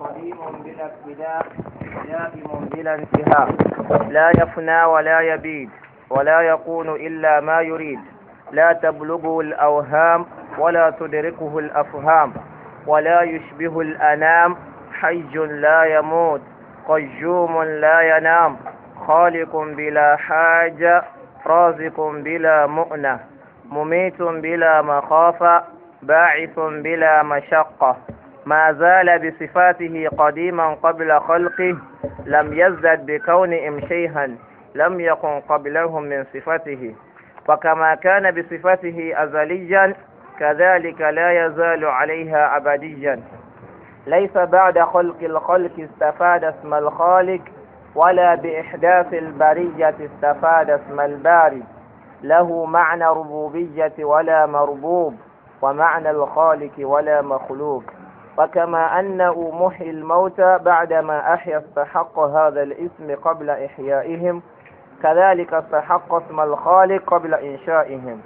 قديم بلا ابتداء دائم بلا انتهاء لا يفنى ولا يبيد ولا يكون إلا ما يريد لا تبلغه الأوهام ولا تدركه الأفهام ولا يشبه الأنام حي لا يموت قيوم لا ينام خالق بلا حاجة رازق بلا مؤنة مميت بلا مخافة باعث بلا مشقة ما زال بصفاته قديما قبل خلقه لم يزدد بكونهم شيئا لم يكن قبلهم من صفته وكما كان بصفته أزليا كذلك لا يزال عليها أبديا ليس بعد خلق الخلق استفاد اسم الخالق ولا بإحداث البرية استفاد اسم الباري له معنى ربوبية ولا مربوب ومعنى الخالق ولا مخلوق وكما أنه محي الموتى بعدما أحيا استحق هذا الاسم قبل إحيائهم كذلك استحق اسم الخالق قبل إنشائهم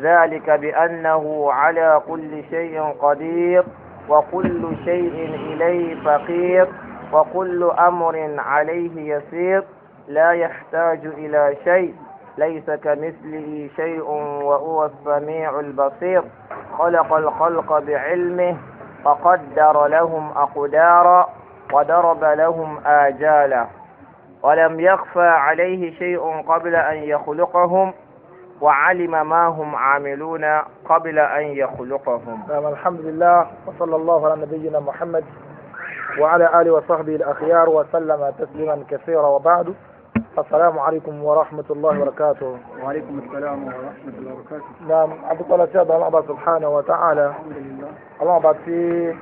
ذلك بأنه على كل شيء قدير وكل شيء إليه فقير وكل أمر عليه يسير لا يحتاج إلى شيء ليس كمثله شيء وهو السميع البصير خلق الخلق بعلمه فقدر لهم أقدارا وضرب لهم آجالا ولم يخفى عليه شيء قبل أن يخلقهم وعلم ما هم عاملون قبل أن يخلقهم نعم، الحمد لله وصلى الله على نبينا محمد وعلى آله وصحبه الأخيار وسلم تسليما كثيرا وبعد السلام عليكم ورحمة الله وبركاته وعليكم السلام ورحمة الله وبركاته نعم عبد الله سيد الله عبد سبحانه وتعالى الحمد لله الله بعد في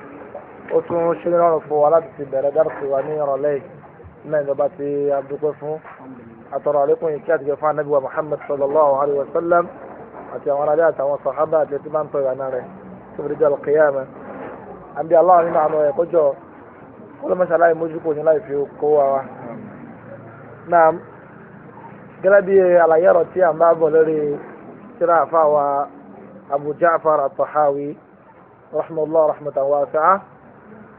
أتون شنو فوالات في بلدار سوانير لي ما بعد باتي عبد القفو أترى عليكم إكاد جفاء نبوة محمد صلى الله عليه وسلم أتي ورادات وصحبات التي طيب ناره سوف رجال القيامة أنبي الله نعم ويقول كل ما شاء الله يموجكم لا يفيو قوة نعم gẹ́gẹ́ bí àlàyé ọ̀rọ̀ tí a ń bá bọ̀ lórí tírà àfàwà Abu Ja'far at-Tahawi rahmatulah rahmatan wasi'a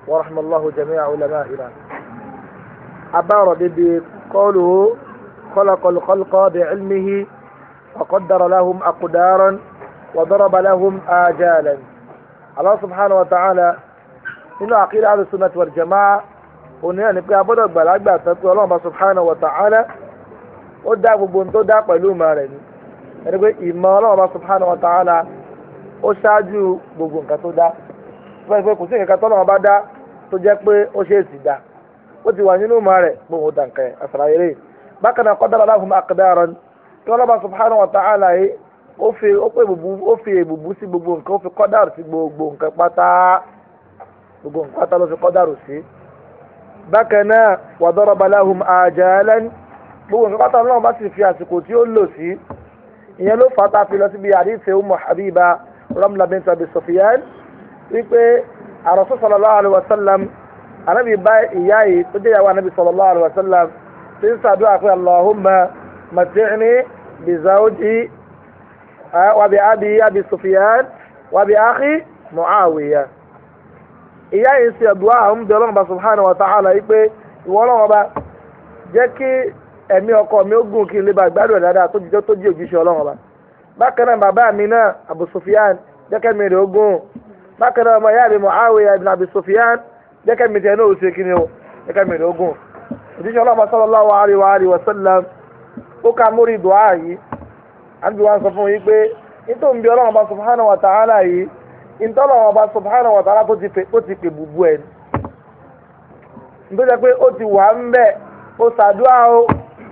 wa rahmatulahu jami'a ulama'ina. abá ọ̀rọ̀ débi kọ́lù khalaqal khalqa bi'ilmihi wa qaddara lahum aqdaran wa daraba lahum ajalan. Allah subhanahu wa ta'ala nínú àkídà ahlus sunnah wal jama'a òní ẹni pé abọ́dọ̀ gbàlagbà tán pé ọlọ́run bá subhanahu wa ta'ala. ó dá gbogbo ohun tó dá pẹ̀lú ìmọ̀ rẹ̀ ni ẹni pé ìmọ̀ ọlọ́run bá subhanahu wa ta'ala ó gbogbo nǹkan tó dá fún ẹni pé kò sí nǹkan tọ́lọ́run bá dá tó jẹ́ pé ó ṣe é sì dá ó ti wà nínú ìmọ̀ rẹ̀ pé òun dàn kẹ́ bákan náà qadara lahum aqdaran kí ọlọ́run bá subhanahu wa fi ó gbogbo nǹkan ó gbogbo nǹkan pátá gbogbo nǹkan pátá ló fi sí gbogbo nǹkan pátá ọlọ́run bá sì fi àsìkò tí ó lò sí ìyẹn ló fà á ta fi lọ síbi àdìsẹ́ umu habiba ramla bint abi sofiyan wípé àròsọ sallallahu alaihi wasallam anabi bá ìyá yìí tó jẹ́ ìyàwó anabi sallallahu alaihi wasallam ti ń sàdúrà pé allahumma mati'ni bi zawji abi abi sofiyan wa bi muawiya ìyá yìí ń ṣe àdúrà àwọn ọmọdé ọlọ́run bá subhanahu wa ta'ala yìí pé ìwọ ọlọ́run ọba jẹ́ kí ẹ̀mí ọkọ mi ó gùn kí n lè bá gbádùn ẹ̀ dáadáa tó jíjọ́ tó jí ọlọ́run Abu jẹ́kẹ́ mi rè ó gùn bákan náà ọmọ ìyá mi Muawiya ibn Abi Sufyan jẹ́kẹ́ mi tiẹ̀ náà o jẹ́kẹ́ mi rè ó gùn òjíṣẹ́ ọlọ́run sallallahu alaihi wa sallam ó ká dùá yìí wọn sọ fún yín pé nítorí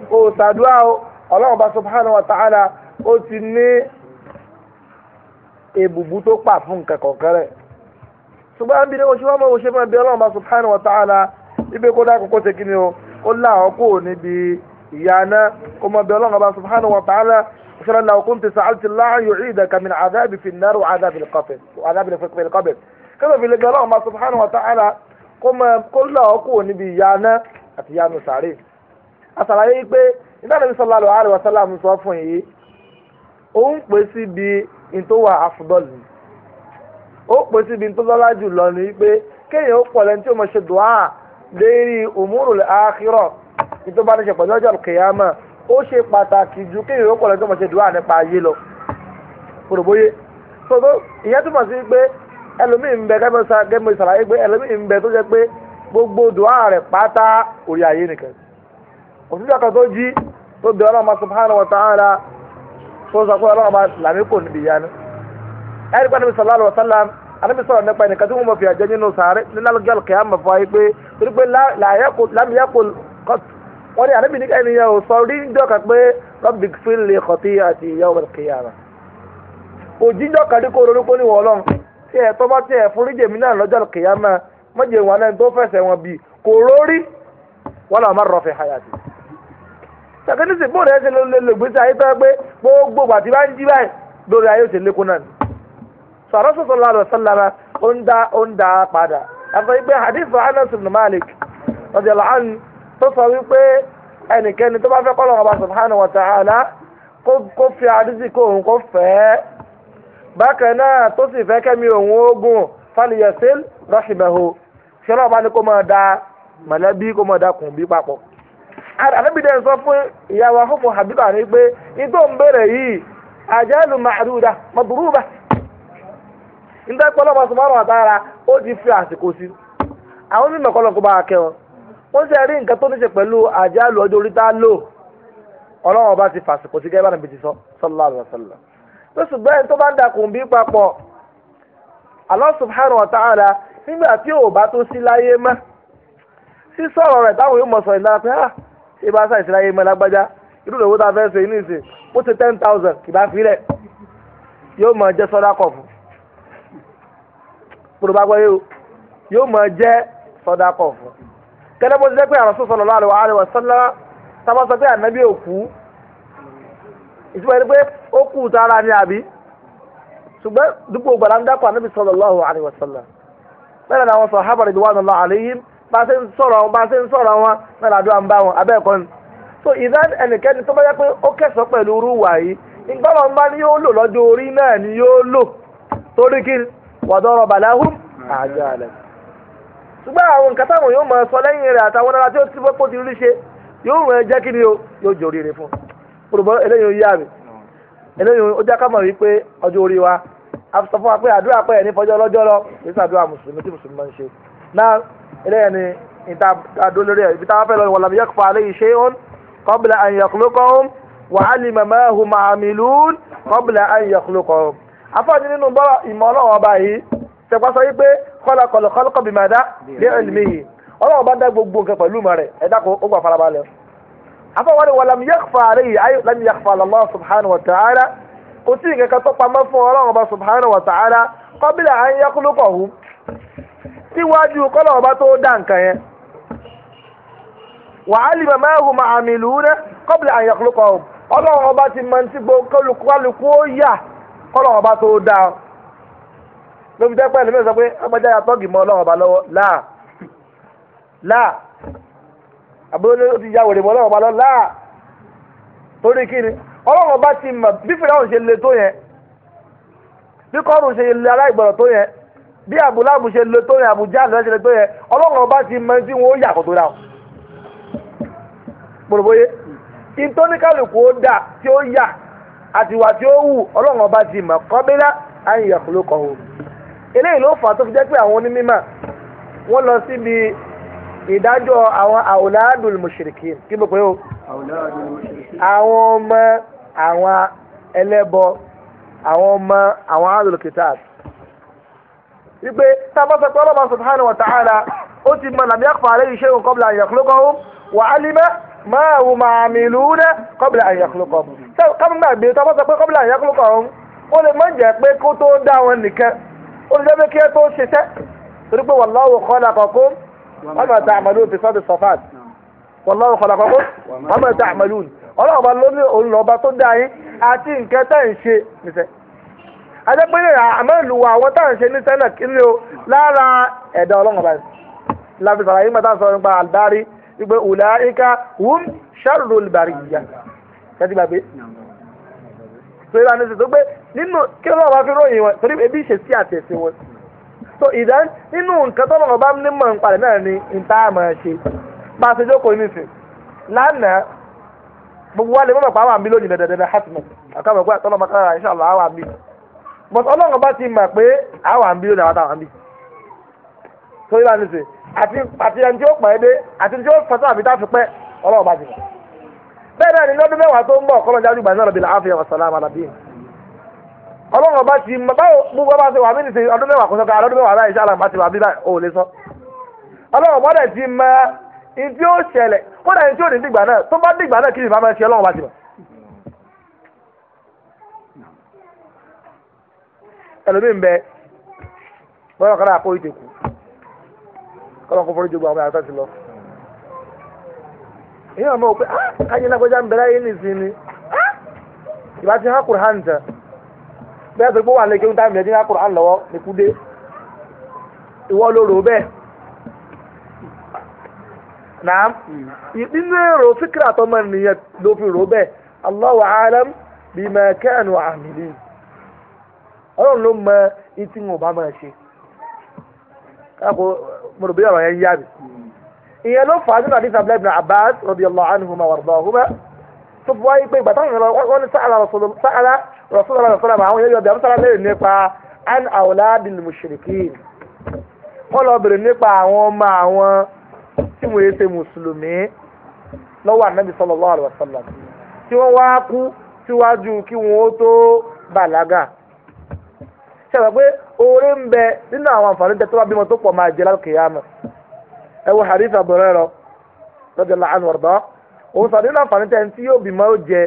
o ṣàdúrà o ọlọ́run bá subhanahu wa ta'ala ó ti ní èbùbù tó pà fún nǹkan kọ̀ọ̀kan rẹ̀ ṣùgbọ́n àbí ni oṣù mọ́mọ́ oṣù mọ́ bí ọlọ́run bá subhanahu wa ta'ala ibi kó dákun kó ṣe kí ni o kó láwọn kó o níbi ìyá náà kó mọ́ bí ọlọ́run bá subhanahu wa ta'ala ṣọlá náà kó n ti sàálùtì láàyò ìdá kàmínà àdábì fi náírà àdábì lè kọ́bẹ̀ kẹ́lẹ́ fi lè gbé ọlọ́run bá subhanahu wa ta'ala kó lọ́ọ̀ kó o níbi ìyá àti ìyá sàárè àṣàlàyé pé ìdánilẹ́bí sallallahu alaihi wasallam sọ fún yìí òun pè sí bí ìtòwà àfùdọ́lì ó pè sí bí ìtòlọ́lá jù lọ ní pé kéèyàn ó pọ̀ lẹ́ni tí ó mọ̀ ṣe dùá lérí umurul akhirah ìtòbá ní ṣe pẹ̀lú ọjọ́ kìyàmà ó ṣe pàtàkì ju kéèyàn ó pọ̀ lẹ́ni tí ó mọ̀ ṣe dùá nípa ayé lọ kòròbóyé tó ìyẹn túmọ̀ sí pé ẹlòmíì ń bẹ gẹ́gẹ́ bí sàlàyé pé ẹlòmíì ń bẹ tó jẹ́ pé gbogbo dùá rẹ̀ pátá orí ayé nìkan òṣìṣẹ́ kan tó jí tó bẹ ọlọ́run subhanahu wa ta'ala tó sọ pé ọlọ́run làmí kò níbi ìyanu ẹ̀rí pé níbi sallallahu alaihi wasallam anabi sọ̀rọ̀ nípa ẹnìkan tí wọ́n mọ̀ fi àjẹ́ nínú sàárẹ̀ nínú alùjọ́ kẹ́ àmọ̀ fún ayé pé torí pé lámìyàkó wọ́n ní anabi nígbà ènìyàn ò sọ rí níjọ́ kan pé rabbi gfin lè kọ̀tí àti ìyá ọmọ kìyàrá òjíjọ́ kan ní kó ronúkó ní wọ́ọ́lọ́n tí ẹ̀ tọ́ bá tí ẹ̀ fún ríjèmí náà lọ́jọ́ kìyàmá mọ́jẹ̀ wọn náà tó fẹsẹ̀ wọn bì kò rórí wọ́n làwọn má rọ̀ fi hayàtì sàkínísì bóòdù ẹ̀ ṣe lè lè gbèsè ayé tó yẹ pé gbogbo àti bá ń jí báyìí lórí ayé òṣèlú lẹ́kọ̀ọ́ náà sọ àrọ́sọ̀ sọ̀rọ̀ àlọ́ sọ́lára ó ń dá ó ń dá padà àti pé hadith Anas ibn Malik radiyallahu anhu tó sọ wípé ẹnikẹ́ni tó bá fẹ́ kọ́ lọ́wọ́ bá subhanahu wa ta'ala kó fi àdísì kó òun kó fẹ́ bákan náà tó sì fẹ́ kẹ́mi òun ogun faliyasil rahimahu ṣọlá ọba ni kó máa da mọ̀lẹ́bí kó máa da kùn bí papọ̀. àdàbídẹ́ sọ fún ìyàwó afọ́fọ́ habiba ni pé ìtò ń bẹ̀rẹ̀ yìí àjálù màdúrà màdúrúbà níta pẹ́lú subhanahu wa ba. ó ti fi àsìkò sí àwọn mímọ̀ kọ́ lọ́kọ́ bá a kẹ́ wọn wọ́n ti rí nǹkan tó ní ṣe pẹ̀lú àjálù ọjọ́ orí tá a lò ọlọ́run ọba ti fàsìkò sí gẹ́gẹ́ bá sọ sallallahu tó tó bá ń dakùn bí papọ̀ nígbà tí ibà sáyẹ̀sì láyé mọ́ lágbájá irú ìdòwò tá a fẹ́ ṣe inú ìsìn ó ti ten thousand kì bá fi rẹ̀ yóò máa jẹ́ sọ́dá kọ̀ fún kúrò bá gbọ́ yóò yóò máa jẹ́ sọ́dá kọ̀ fún. kẹ́lẹ́ bó ti jẹ́ pé àròsùn sọ̀rọ̀ lọ́wọ́ àlewà àlewà sọ́lá tábà sọ pé ànábì òkú ìtumọ̀ ẹni pé ó kú tara ni àbí ṣùgbọ́n dúpọ̀ gbàdá dákọ̀ ànábì sọ̀rọ̀ lọ́wọ́ àlewà sọ́lá bẹ́ẹ̀ ni àwọn sọ̀hábà bá a ṣe ń sọ̀rọ̀ wọn bá a ṣe ń sọ̀rọ̀ ń bá wọn abẹ́ ẹ̀kọ́ ni. so ìdá ẹnikẹ́ni tó bá yẹ pé ó kẹsàn-án pẹ̀lú rúwà yìí nígbà wọn bá ní yóò lò lọ́jọ́ orí náà ni yóò lò torí kí bàláhùn àjọ sọ lẹ́yìn rẹ̀ àtàwọn ará tí ó ti ti rí ṣe yóò jẹ́ kí ni o yóò jòrí rẹ̀ fún un. eléyìí ó yá mi eléyìí ó já wa a wa pé àdúrà ẹ̀ ní fọjọ́ ọlọ́jọ́ lọ kì eléyà ni ìta àdó lórí ẹ̀ ibi táwọn fẹ́ lọ wọ̀lọ́mù yẹ kópa aléyìí ṣé òun kọ́bìlà àyànkúlókọ́hún wàhálì màmá ahùn màmìlún kọ́bìlà àyànkúlókọ́hún. afọ́jú nínú bọ́lá ìmọ̀ ọlọ́wọ́n ọba yìí ṣẹ̀pá sọ wípé kọ́lá kọ́lá kọ́lá kọ́bì màdá bí ẹ̀lmí yìí ọlọ́wọ́n bá dá gbogbo nǹkan pẹ̀lú mọ̀ rẹ̀ ẹ̀dá kó ó gbà farabalẹ̀. afọ́wọ́n ni síwájú kọ́lọ̀ ọba tó dá nǹkan yẹn wàhálì màmá ẹ̀hùn máa àmì ìlú rẹ kọ́bìlì àyàkùlùkọ̀ ọlọ́run ọba ti mọ ti gbó kálukú ó yà kọ́lọ̀ ọba tó dá lóbi pé ọgbẹ́jà ya tọ́gì mọ́ ọlọ́run ọba lọ́wọ́ láà láà àbúrò ní o ti mọ́ ọlọ́run ọba lọ́wọ́ láà torí kí ni ti bí fìlà ṣe le tó yẹn bí kọ́ọ̀rù ṣe bí abúláàbù ṣe lo tó yẹn àbújá àlọ́ ṣe lo tó yẹn ọlọ́run ọba ti mọ tí wọ́n yà kó tó dà o. pòròbóyé ìtọ́níkàlùkù ó dà tí ó yà àtiwà tí ó wù ọlọ́run ọba ti mọ̀ kọ́bílá àyè àkùlù o. eléyìí ló fà tó fi jẹ́ pé àwọn onímọ̀ wọ́n lọ síbi ìdájọ́ àwọn àwòládùn mùṣìríkìn kí ló pé o. àwọn ọmọ àwọn ẹlẹ́bọ àwọn ọmọ àwọn àdùlùkìtàbù wípé tá a bá sọ pé ọlọ́mọ subhanahu wa ta'ala ó ti mọ làmì àkùfàlẹ́ yìí ṣéun kọ́bìlà àyàkúlókọ́hún wà á límẹ́ máa wù máa mi lù ú ná kọ́bìlà àyàkúlókọ́hún. kámi gbàgbé tá a bá sọ pé kọ́bìlà àyàkúlókọ́hún ó lè má jẹ́ pé kó tó dá wọn nìkan ó lè jẹ́ kí ẹ tó ṣiṣẹ́ torí pé wallahu khalaqakum wa ma ta'malun fi sọ́ọ̀tì sọ́fàt adẹ́pẹ́lẹ́ àmọ́ ìlú wa àwọn táwọn ṣe ní sẹ́nà kiri o lára ẹ̀dá ọlọ́run báyìí láti sàlàyé mọ́ta sọ nípa àdárí wípé ulaika hum sharrul bariyya kẹ́tí gbàgbé. torí wa ní sèso pé nínú kí ọlọ́run bá fi ròyìn wọn torí ebi ṣe sí àtẹ̀sí wọn. so ìdá nínú nǹkan tó lọ́run bá ní mọ̀ nípa náà ni ìta àmọ̀ ṣe bá a ṣe jókòó nísìn lánàá gbogbo wa lè mọ̀ pàápàá mi lónìí dẹ̀dẹ̀dẹ̀ hàtìmọ̀ àkàbọ̀ pé àtọ́lọ́mọ but ọlọ́run bá ti mọ̀ pé àwọn àmì ló ní àwọn táwọn àmì tó yẹ lánàá ṣe àti àti ẹni tí ó pẹ́ dé àti ẹni tí ó fẹsẹ̀ àmì tá a fi pẹ́ ọlọ́run bá ti mọ̀ bẹ́ẹ̀ náà ni lọ́dún mẹ́wàá tó ń bọ̀ kọ́lọ́jà àdúgbò náà lọ́bìnrin àáfíà wàsálàmù alábíyìn ọlọ́run ọba ti mọ báwo gbogbo ọba ṣe wà mí nìṣe ọdún mẹ́wàá kò sọ́ka ọdún mẹ́wàá láìsí àlàmà ti wà mí báyìí ò lè sọ. ọlọ́run ọba dẹ̀ ti mọ ìdí ó ṣẹlẹ̀ kódà ìdí ò ní dìgbà náà tó bá dìgbà náà kí ni ìfàmọ́ ẹlòmíín bẹ bọ́lá kan náà kó ìtẹ̀ kù kọ́lọ́n kó foríjì gbọ́ àwọn àtàtì lọ. ihe ọmọ òpè á káyé lágbájá ń ni ah, ìbá ti hákùrù hàn tẹ̀ bẹ́ẹ̀ tó gbówó àlẹ́ kéwú táìmù lẹ́dí hákùrù hàn lọ́wọ́ ní kúdé ìwọ ló bẹ́ẹ̀ naam nínú èrò ọlọ́run ló mọ ìtì wọn ò bá máa ṣe káàkó mo rò bí ọ̀rọ̀ yẹn yá mi. ìyẹn ló fà á nínú àdìsá abúlé ibn Abbas radiyallahu anhuma wa ardahuma tó fi wáyé pé ìgbà táwọn èèyàn wọn ní sáàlà Rasulullah rọ̀sọ̀lọ̀ àwọn èèyàn yọ̀bì àbúsọ̀lá lè nípa an awladil mushrikin wọ́n lọ bèrè nípa àwọn ọmọ àwọn tí mo yẹ ṣe mùsùlùmí lọ́wọ́ ànábì sallallahu alaihi wasallam tí wọ́n wá kú síwájú kí wọ́n ó tó bàlágà sẹ́wọ̀ pé oore ń bẹ nínú àwọn àǹfààní tẹ́ tó bá bímọ tó pọ̀ máa jẹ lálùkìyàmà ẹ wo hadith àbúrẹ́ rọ lọ́jọ́ làánú ọ̀dọ́ òun sọ nínú àǹfààní tẹ́ tí yóò bímọ ó jẹ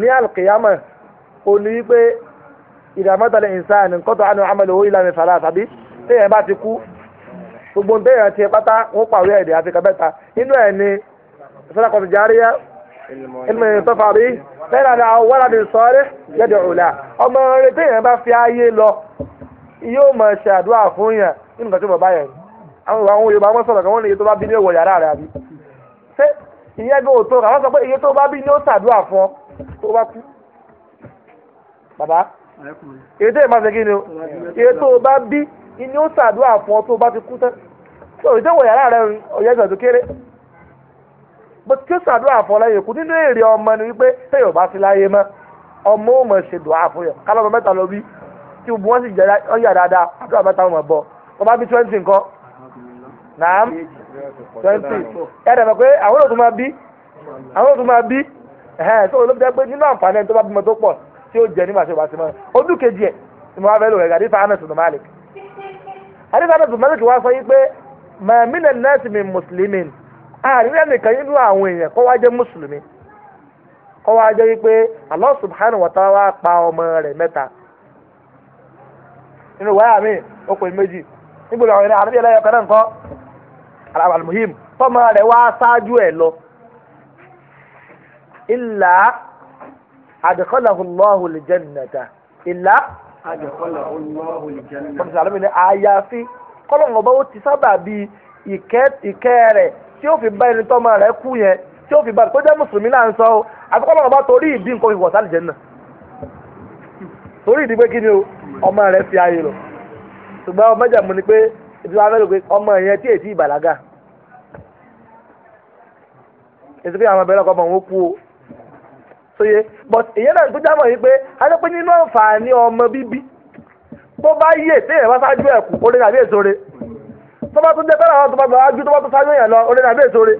ní àlùkìyàmà ò ní wípé ìdààmọ́tàlẹ̀ ìsáàní kọ́tọ̀ àánú amẹ́lẹ̀ owó ìlànà ìfàlà àtàbí téèyàn bá ti kú gbogbo téèyàn ti pátá wọn pàwé ẹ̀dẹ̀ àti kàbẹ́ta ẹ̀ ni sọ́dọ̀kọ̀tì ilmu tafari lẹ́yìn àná wọ́n àdìrí sọ́ọ́rẹ́ yẹ́dẹ̀ òòlà ọmọ rẹ̀ téèyàn bá fi ayé lọ yóò máa ṣe àdúrà fún yàn nínú ìtọ́jú bàbá yẹn àwọn ìwà àwọn Yorùbá wọn sọ̀rọ̀ kan wọ́n ní iye tó bá bí ní èèwọ̀ yàrá rẹ̀ àbí ṣé ìyẹn gan òótọ́ àwọn sọ pé iye tó bá bí ní ó ṣàdúrà fún ọ tó bá kú bàbá iye tó ṣe kí ni o iye tó bá bí ní ó ṣàdúrà fún ọ tó bá ti kú tán tó ìtẹ́wọ̀ yàrá rẹ̀ ọ̀yẹ́ ìgbà tó kéré bó ti kí sàdúrà fọlẹ́yìn kù nínú èrè ọmọ ni wípé téèyàn ò bá sí láyé mọ́ ọmọ ò ṣe dùn àfún yẹn kálọ́mọ mẹ́ta ló bí tí gbogbo wọn sì jẹ ọyà dáadáa àdúrà mẹ́ta wọn bá bí twenty nǹkan naam twenty ẹ̀ẹ́dẹ̀ mọ̀ pé àwọn olóòtú máa bí àwọn olóòtú máa bí olóòtú pé nínú àǹfààní ẹni tó bá bímọ tó tí ó jẹ nígbà tí ó bá ti ojú kejì ni mo fẹ́ lò àríwá nìkan nínú àwọn èèyàn kọ́ wá jẹ́ mùsùlùmí kọ́ wá jẹ́ wípé Allah subhanahu wa wá pa ọmọ rẹ̀ mẹ́ta nínú wáyà mi ó pè méjì níbo làwọn ènìyàn àdébíyẹ lẹ́yìn ọ̀kan náà nǹkan alamuhim tọ́mọ rẹ̀ wá ṣáájú ẹ̀ lọ illa adkhalahu Allahu al-jannata illa adkhalahu Allahu al-jannata. àyàfi kọ́lọ̀ ó ti sábà ìkẹ́ rẹ̀ tí ó fi bá ẹni tọ́mọ rẹ̀ kú yẹn tí ó fi bá tó jẹ́ mùsùlùmí náà ń sọ ọ́ àfikún ọmọ bá torí ìdí nǹkan fi wọ̀ sí àlìjẹ́nà torí ìdí pé kí ni o ọmọ rẹ̀ fi ayé lọ ṣùgbọ́n ọmọ jàmù ni pé ìdílé wa mẹ́lò pé ọmọ yẹn tí èsì ìbàlágà èsì pé àwọn abẹ́rẹ́ ọkọ̀ ọmọ òun kú o sóye but ìyẹn náà tó jámọ̀ yìí pé a jẹ́ pé nínú àǹfààní ọmọ bíbí tó bá yè téèyàn bá ṣáájú ẹ̀kú ó lé èso rẹ̀ tọ́ba tó jẹ́ tọ́ba tó bá gbà ájú tọ́ba tó sáyé yẹn lọ orí náà bẹ́ẹ̀ sóore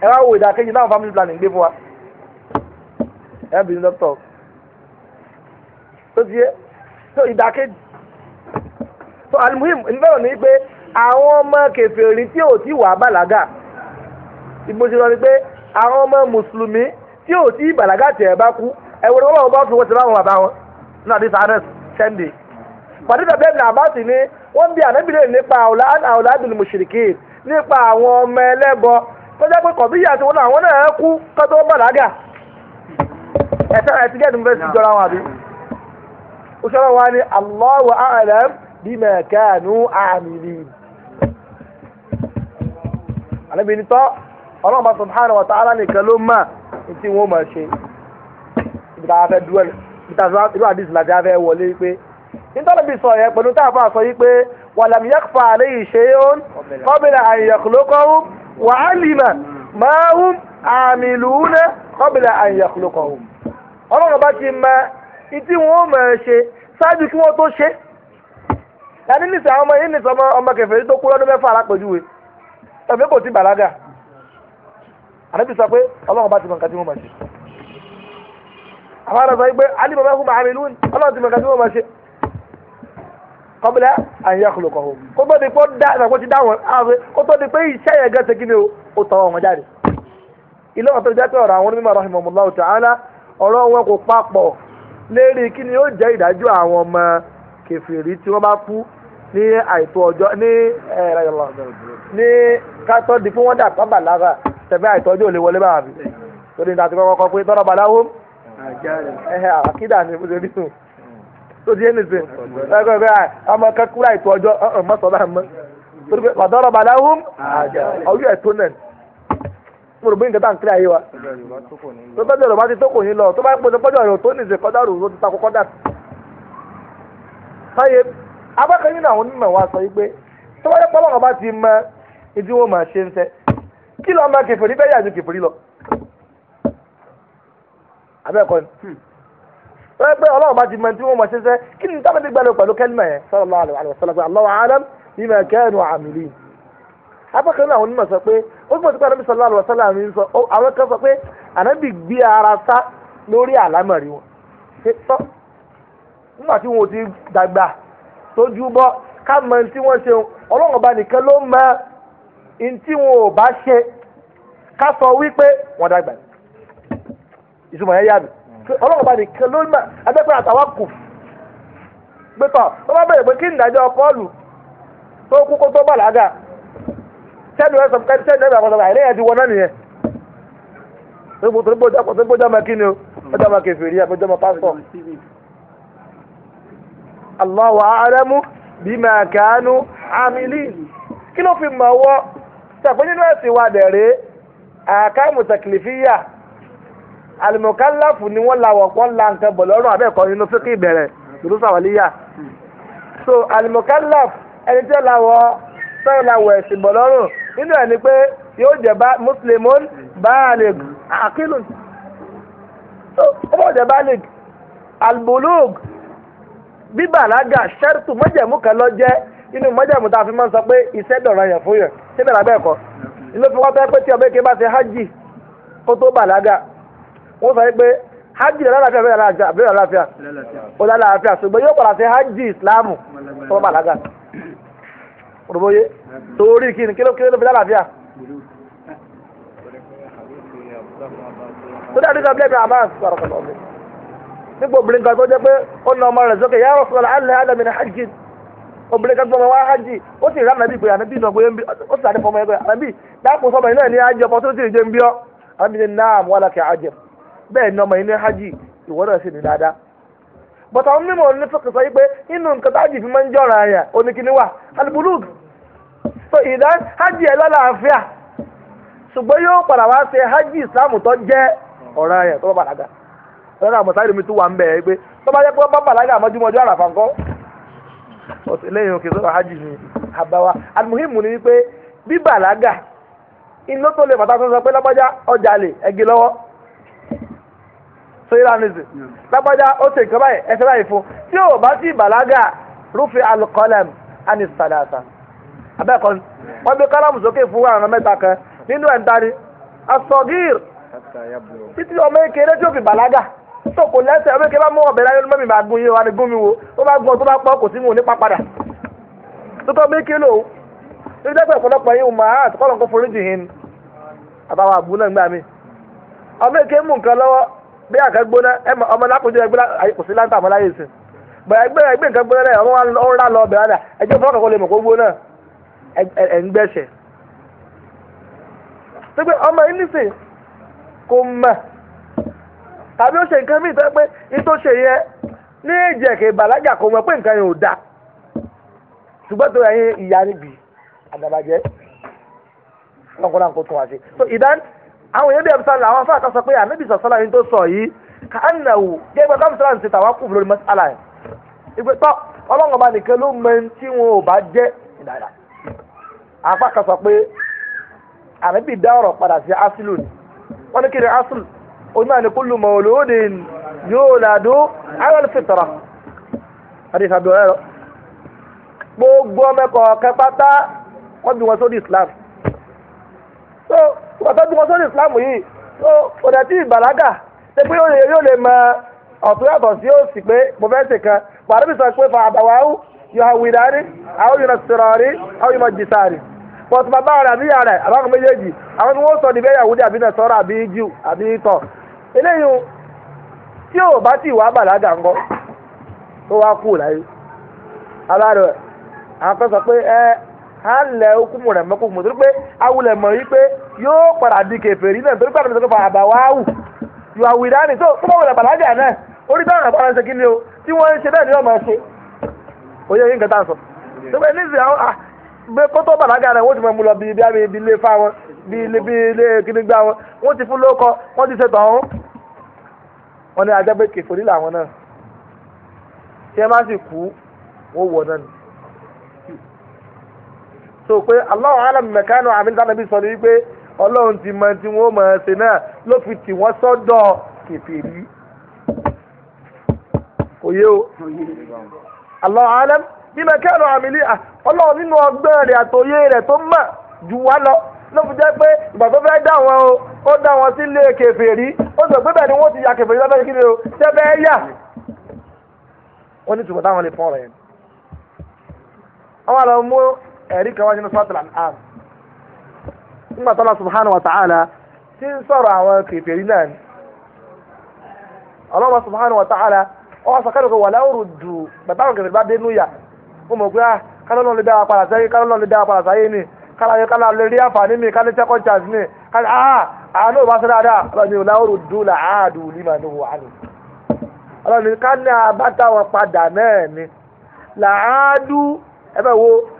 ẹ wá wo ìdàkejì náà family planning gbé fún wa ẹ bìnrin dọ́kítọ̀ tó ti yé tó ìdàkejì tó alimuhim ìfẹ́ràn ní pé àwọn ọmọ kèfèrí tí ò tí wàá bàlágà ìgbésẹ̀ lọ ni pé àwọn ọmọ mùsùlùmí tí ò tí bàlágà tẹ̀ bá kú ẹ̀wọ̀n ọmọ wọn bá fi wọ́n ti bá wọn bàbá wọn nínú àdìsá wọ́n bí ànábìlẹ̀ nípa àwòládùn mùṣìríkí nípa àwọn ọmọ ẹlẹ́bọ tọ́jà pé kọ̀bíyà tí wọ́n náà àwọn náà kú kọ́tọ́ bàlágà ẹ̀sẹ̀ ẹ̀sì gẹ́gẹ́ fẹ́ sí jọra wọn àbí. òṣèlú wa ni Allahu a'lam bima kanu amilin. ànábìlẹ̀ tọ́ ọlọ́run bá subhanahu wa ta'ala nìkan ló mà tí wọ́n máa ṣe. ibi táwọn fẹ́ dúró ibi táwọn ìlú àdìsí làdí nítorí bí sọ yẹn pẹ̀lú táwọn afọ yìí pé wàlàm yàkfà àléyìí ṣe é ón kọ́bìnà àyàkùlókọ́hún wà á lìmà máa hùm àmì lùúnà kọ́bìnà àyàkùlókọ́hún. ọlọ́run bá ti mọ ìtí wọn ó mọ̀ ẹ́ ṣe ṣáájú kí wọ́n tó ṣe. yàrá nísìsiyà ọmọ yìí nìsọ ọmọ kẹfẹ́ tó kú lọ́dún mẹ́fà alápèjúwe tàbí kò ti bàlágà. àdébí sọ pé ọlọ́run bá ti mọ̀ kọ́bílẹ̀ àyẹ̀kùlùkọ̀ o kó tó di pé dá ìrànwọ́ ti dá wọn àwọn kó tó di pé iṣẹ́ yẹn gẹ́sẹ̀ kí ni o ó tọ́ wọn jáde. ilé wọn tó jẹ́ pé ọ̀rọ̀ àwọn onímọ̀ rahimahumullahu ta'ala ọ̀rọ̀ wọn kò papọ̀ lérí kí ni ó jẹ́ ìdájọ́ àwọn ọmọ kẹfìrí tí wọ́n bá kú ní àìtó ọjọ́ ní ní kátó di pé wọ́n dà pábà lára tó di ẹni sè ẹgbẹ́ ẹgbẹ́ ọmọ kakura ètò ọjọ́ ọ̀hún mọ́ sọ́dọ̀ àmọ́ torí pé wàdọ́rọ̀ bàdá wọ́n ọjọ́ ẹ̀tọ́ náà mo rò bí nǹkan tá à ń kíra yé wa tó bá jọ̀rọ̀ bá ti tó kò ní lọ tó bá pèsè kọjá ọ̀rọ̀ tó nìṣe kọjá ọ̀rọ̀ tó ti ta kọ́kọ́ dà sáyé abákan nínú àwọn onímọ̀ wa sọ wípé tó bá yẹ pọ́lọ́ ọba ti mọ ìdí wọn máa ṣe ń tẹ kí lọ́ọ́ máa kẹfẹ́ níbẹ̀ yà ju kẹfẹ́ rí lọ abẹ́ẹ̀kọ́ ni. Hmm wọ́n pẹ́ ọlọ́run bá ti mọ tí wọ́n mọ̀ ṣiṣẹ́ kí ni táwọn ti gbàlẹ̀ pẹ̀lú kẹ́lìmọ̀ yẹn sallallahu alaihi wasallam Allahu a'lam bima kanu amilin. apákan náà àwọn onímọ̀ sọ pé ó sì mọ̀ sí pé ànábì sallallahu alaihi wasallam ń sọ àwọn kan sọ pé ànábì gbé ara sá lórí àlámọ̀rí wọn. ṣe tọ́ nígbà tí wọn ò ti dàgbà tójú bọ́ ká mọ tí wọ́n ṣe ọlọ́run ọba nìkan ló mọ ntí wọn ò bá ṣe ká sọ wípé wọ́n dàgbà ìtumọ̀ yẹn yàgbẹ́ ọlọ́run bá nìkan ló mà adẹ́pẹ́ àtàwákù gbẹ́tọ̀ tó bá bẹ̀rẹ̀ pé kí ìdájọ́ pọ́ọ̀lù tó kú kó tó bàlágà sẹ́ni wọ́n sọ kẹ́ni sẹ́ni ẹ̀rọ àkọsọ̀rọ̀ àìlẹ́yìn ti wọná nìyẹn tó gbójá ma kí ni o gbójá ma kẹfìrí à gbójá ma pásítọ̀ Allahu a'lamu bima kanu amilin kí ló fi mọ̀ wọ́ sàpé nínú ẹ̀sìn wa alimọ̀kálàfù ni wọ́n la wọ̀pọ̀ la nǹkan bọ̀ lọ́rùn abẹ́ẹ̀kọ́ nínú fíkì ìbẹ̀rẹ̀ lóṣù sàwálíyà so alimọ̀kálàfù ẹni tí ó la wọ sọ́yìn la wọ̀ ẹ̀sìn bọ̀ lọ́rùn nínú ẹ̀ pé yóò jẹ́ bá mùsùlùmún báàlìg àkìlùn so ó bọ̀ jẹ́ báàlìg albulug bíbàlágà ṣẹ́rìtù mọ́jẹ̀mú kan lọ jẹ́ inú mọ́jẹ̀mú tá a fi máa ń sọ pé iṣẹ́ dọ̀rọ̀ yẹn fún yẹn ṣé bẹ̀rẹ̀ abẹ́ẹ̀kọ́ ilé fipá tó yẹ pé tí ọbẹ̀ kí bá ṣe hajj kó tó bàlágà wọ́n sọ pé hajj rẹ̀ lálàáfíà bẹ́ẹ̀ lálàáfíà bẹ́ẹ̀ lálàáfíà ó lálàáfíà ṣùgbọ́n yóò padà sí hajj ìsìláàmù tó bá rògbòye torí kí ni kí ló kí ló fi lálàáfíà. tó dáa sọ̀rọ̀ lọ́wọ́ nígbà obìnrin kan tó jẹ́ pé ó na ọmọ rẹ̀ sókè yà rọ̀ alẹ́ àdàmì hajj obìnrin kan gbọmọ wá hajj ó sì pé nà bí ó sì ní hajj tó ti jẹ́ ń bí naam wàlàkì bẹ́ẹ̀ ni ọmọ yìí ní hajj ìwọ náà sì ní dáadáa bọ̀tà àwọn mímọ̀ ní fẹ́kẹ̀ sọ pé inú nǹkan tá a jì fi máa ń jọ̀ra àyà oníkíní wà alibulug so ìdá hajj ẹ̀ lálàáfíà ṣùgbọ́n yóò padà wá ṣe hajj islam tó jẹ́ ọ̀rọ̀ àyà tó bá bàlágà lọ́dọ̀ àmọ̀tá ìlú mi tó wà ń bẹ̀ ẹ́ pé tó bá jẹ́ pé bá bàlágà àmọ́júmọ́jú àràfà ńkọ́ lẹ́yìn òkè sọ̀rọ̀ hajj ni àbáwá alimuhimu ni wípé bí balaga, iná tó lè bàtà tó sọ pé lọ́gbọ́já ọjà lè ẹgbẹ́ lọ́wọ́ sọyìnrà nìzì lágbájá ó ṣe nǹkan báyìí ẹsẹ̀ báyìí fún tí ò bá sì bàlágà rúfin alukọlẹm àni sàdáàsà abẹ́ẹ̀kọ́ ni wọ́n gbé kálámù sókè fún àwọn mẹ́ta kan nínú ẹ̀ ń asọ̀gír títí ọmọ ìkéré tí ó fi bàlágà lẹ́sẹ̀ ọmọ bá mú ọ̀bẹ láyé máa gún wa ni gún mi wo bá gún ọ tó bá pọ̀ kò bí àkàn gbóná ọmọ lápòjọ ẹgbẹ́ kò sí láńtà àmọ́ láyé sí ẹgbẹ́ ẹgbẹ́ nǹkan gbóná rẹ̀ ọmọ wa ń rà lọ bẹ̀rẹ̀ rẹ̀ ẹjọ́ fún ọkọ̀ lè mọ̀ kó gbóná ẹ̀ ń gbẹ̀ṣẹ̀. pé ọmọ yìí nìsín kò mọ̀ tàbí ó ṣe nǹkan da ṣùgbọ́n àwọn èèyàn bẹ̀rẹ̀ sálà àwọn afáàkà sọ pé ànábì sọ̀sọ́lá yìí tó sọ yìí ká á nà wò gẹ́gẹ́ bá sọ́lá ń ṣe tàwa kù lórí mọ́sálà yẹn ìgbé tọ́ ọlọ́run ọba nìkan ló mọ ẹni tí wọn ò bá jẹ́ ìdàdà afáàkà sọ pé ànábì dá ọ̀rọ̀ padà sí asilu ni wọ́n ní kí ni asilu àná kúlù mọ̀lódìn yóò làdó ayọ̀lù gbogbo ọmọ ẹ̀kọ́ kẹpátá wọ́n bí wọn sórí Islam tọ́jú wọn sórí ìsìláàmù yìí kò dẹ̀ tí ì bàlágà ṣe pé yóò lè mọ ọ̀tún yàtọ̀ sí òsì pé mo fẹ́ ṣe kan pàdébí sọ pé fa àbàwáwú yóò àwọn yóò rí àwọn yóò bàbá rẹ̀ rẹ̀ méjèèjì àwọn wọ́n sọ àbí nẹ̀sọ́rọ̀ àbí jù àbí tọ̀ eléyìí tí á lẹ okùn rẹ̀ mọ́kùn mọ́ torí pé awulẹ̀ mọ̀ yí pé yóò padà di kèfèrí náà torí pé àdàbẹ̀ sọ́kọ̀ àbáwá wù yóò àwìdá ni tó tó wọlé bàlájà náà orí táwọn àgbà ń ṣe kí ni o tí wọ́n ń ṣe bẹ́ẹ̀ ni wọ́n máa ṣe oyè yín nǹkan tá à ń sọ. tó bẹ́ẹ̀ níṣẹ́ àwọn ah, bẹ́ kótó bàlágà rẹ̀ wọ́n ti fẹ́ mú lọ bí bí abẹ́ ibi ilé fa wọn bí ilé bí ilé kíní gbá wọn wọ́n ti fún lóko wọ́n ti ṣe tọ̀hún. wọ́n ní ajá pé kèfòrí làwọn náà so pé Allahu alam mẹ̀kánù àmì tánàbí sọ ni wípé ọlọ́run ti mọ tí wọ́n mọ̀ ẹ́ ṣe náà ló fi tì wọ́n sọ́dọ̀ kèfèrí. kò yé o Allahu alam bí mẹ̀kánù àmì lé ọlọ́run nínú ọgbẹ́ rẹ̀ àtòyé rẹ̀ tó mọ̀ jù wá lọ ló fi jẹ́ pé ìgbà tó fẹ́ dá wọn o ó dá wọn sílé kèfèrí ó sọ pé bẹ́ẹ̀ ni wọ́n ti ya kèfèrí lọ́fẹ́ kí ni o ṣé bẹ́ẹ̀ yà wọ́n ẹ̀rí kan wá nínú sọ́ọ̀tì àlàm nígbà tó lọ subhanahu wa ta'ala tí ń sọ̀rọ̀ àwọn kèfèrí náà ni ọlọ́wọ́ subhanahu wa ta'ala ọwọ́ sọ̀kẹ́lẹ̀ kò wà láwùrù dù bàbá àwọn kèfèrí bá dé núyà ó mọ̀ pé ah, kálọ́lọ́ lè dá wa padà sáyé kálọ́lọ́ lè dá wa padà sáyé ni kálàyé kálà lè rí àǹfààní mi kálẹ̀ second chance mi kálẹ̀ ah àánú ìbá sọ́dọ̀ àdá ọlọ́ni láwùrù dù là áàdù lima ní wà ní ọlọ́ni kálẹ̀ abátáwọn ni là áàdù ẹ wo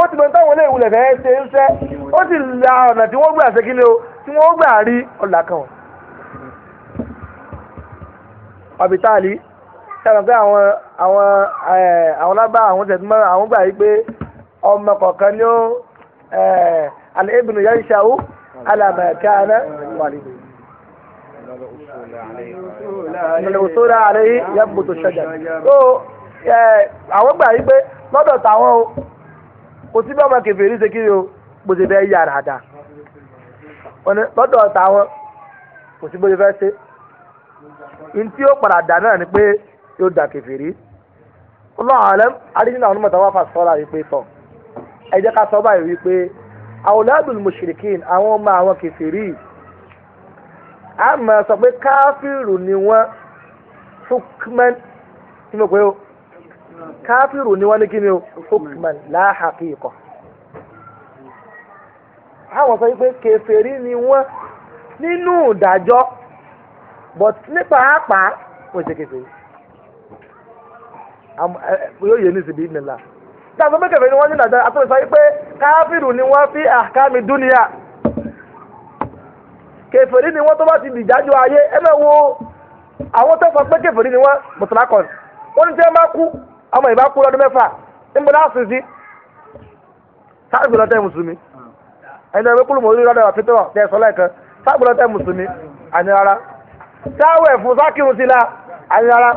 ó ti mọ táwọn olóòwò lẹ̀ fẹ́ ṣe ń fẹ́ ó sì la ọ̀nà tí wọ́n gbà ṣe kí ni o tí wọ́n gbà rí ọ̀là kan. ọ̀bìtálì sẹ́wọ̀n pé àwọn àwọn àwọn lábá àwọn tẹ̀símọ́ àwọn gbà yí pé ọmọ kọ̀ọ̀kan ni ó alẹ́ ibùdó yẹn ń ṣàwó alàmọ̀ká náà ìlúsúra àlẹ́ yẹ́pùtò ṣẹ̀jẹ̀. so àwọn gbà yí pé lọ́dọ̀ tàwọn o kò sí báwọn kèfèrí ṣe kiri o bó ṣe fẹ́ yà dáadáa lọ́dọ̀ ọ̀tá wọn kò sí bó ṣe fẹ́ ṣe ntí ó padà dà náà ni pé yóò dà kèfèrí ọlọ́run àlẹ́ adínílà ọ̀nà mọ̀tàwá fà sọ́ra wípé tọ̀ ẹ jẹ́ ká sọ báyìí wípé awladul mushrikin àwọn ọmọ àwọn kèfèrí a máa sọ pé káfíìrù ni wọ́n fúkmẹ́n tí mo pè ó káfíìrù ni wọ́n ní kí ni o hukman la haqiqa àwọn sọ pé kèfèrí ni wọ́n nínú ìdájọ́ but ní pàápàá wọ́n ṣe kèfèrí yóò yé ní ìsìnbí nìlá dáàbò pé kèfèrí ni wọ́n nínú ìdájọ́ àtúnṣe sọ pé káfíìrù ni wọ́n fi ahkami dúnìyà kèfèrí ni wọ́n tó bá ti dìjájọ́ ayé ẹ bẹ́ẹ̀ àwọn tó sọ pé kèfèrí ni wọ́n mùsùlùmá wọ́n ní tí wọ́n bá kú ọmọ ìbá kú lọ́dún mẹ́fà níbo náà sùn sí sáàbù lọ́tẹ̀ mùsùlùmí ẹni ọ̀rẹ́ kúlùmọ̀ orí lọ́dọ̀ àfitọ́ tẹ̀ sọ lẹ́ẹ̀kan sáàbù lọ́tẹ̀ mùsùlùmí àní rárá sáwẹ̀ fún sákìrù sí la àní rárá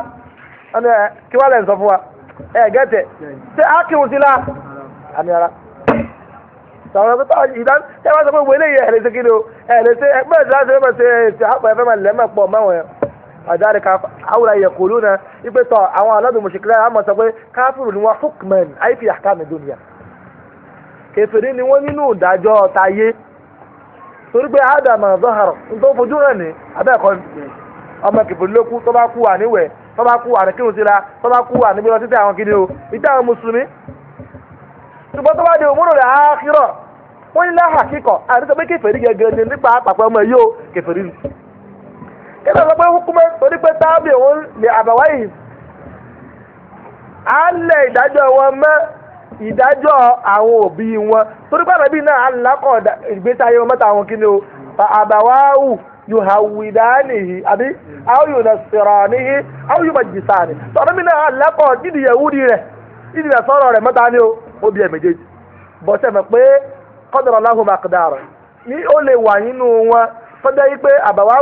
ẹ kí wọ́n lẹ̀ ń sọ fún wa ẹ gẹ́tẹ̀ ṣé ákìrù sí la àní rárá sọ̀rọ̀ pé ìdáná ẹ bá sọ pé wọlé yẹ ẹ̀rẹ́sẹ̀ kí ni o ẹ̀rẹ́sẹ̀ ẹgbẹ́ ìdáná ṣe fẹ́ máa ṣe ẹ̀sẹ̀ àpò ẹ̀fẹ́ máa lẹ́mọ̀ pọ̀ máwọn yẹn àdáríkà àwòrán yẹ kò lónà ipe tọ àwọn aládùn mùsùlùmí àmọ́ sọ pé káfíìrù ni wọn hukman àìfi àkàmì dùnìyà kèfèrí ni wọn nínú ìdájọ́ tayé torí pé ádámà zọhàrọ nítorí fojú hàn ní abẹ́ẹ̀kọ́ ọmọ kèfèrí ló kú tó bá kú wà níwẹ̀ tó bá kú wà ní kírun síra tó kú wà níbi lọ àwọn kìnìún ìdí àwọn mùsùlùmí ṣùgbọ́n tó di òmùrò rẹ̀ áhírọ̀ wọ́n ní láhà kíkọ̀ àti sọ pé kèfèrí gẹ́gẹ́ ni nípa àpapọ̀ ọmọ yìí ó kèfèrí ni. kí ló sọ pé hukumẹ torí pé òun lè àbàwá yìí á lẹ ìdájọ́ wọn mọ́ ìdájọ́ àwọn òbí wọn torí pé àbẹ̀bí náà á lákọ̀ ìgbésí ayé wọn àwọn kí ni o àbàwá wù yuhawidanihi abi aw mi náà rẹ̀ rẹ̀ mẹ́ta ni ó bí ẹ̀ méjèèjì pé kọ́dọ̀rọ̀ máa ó lè wà nínú wọn yìí pé àbáwá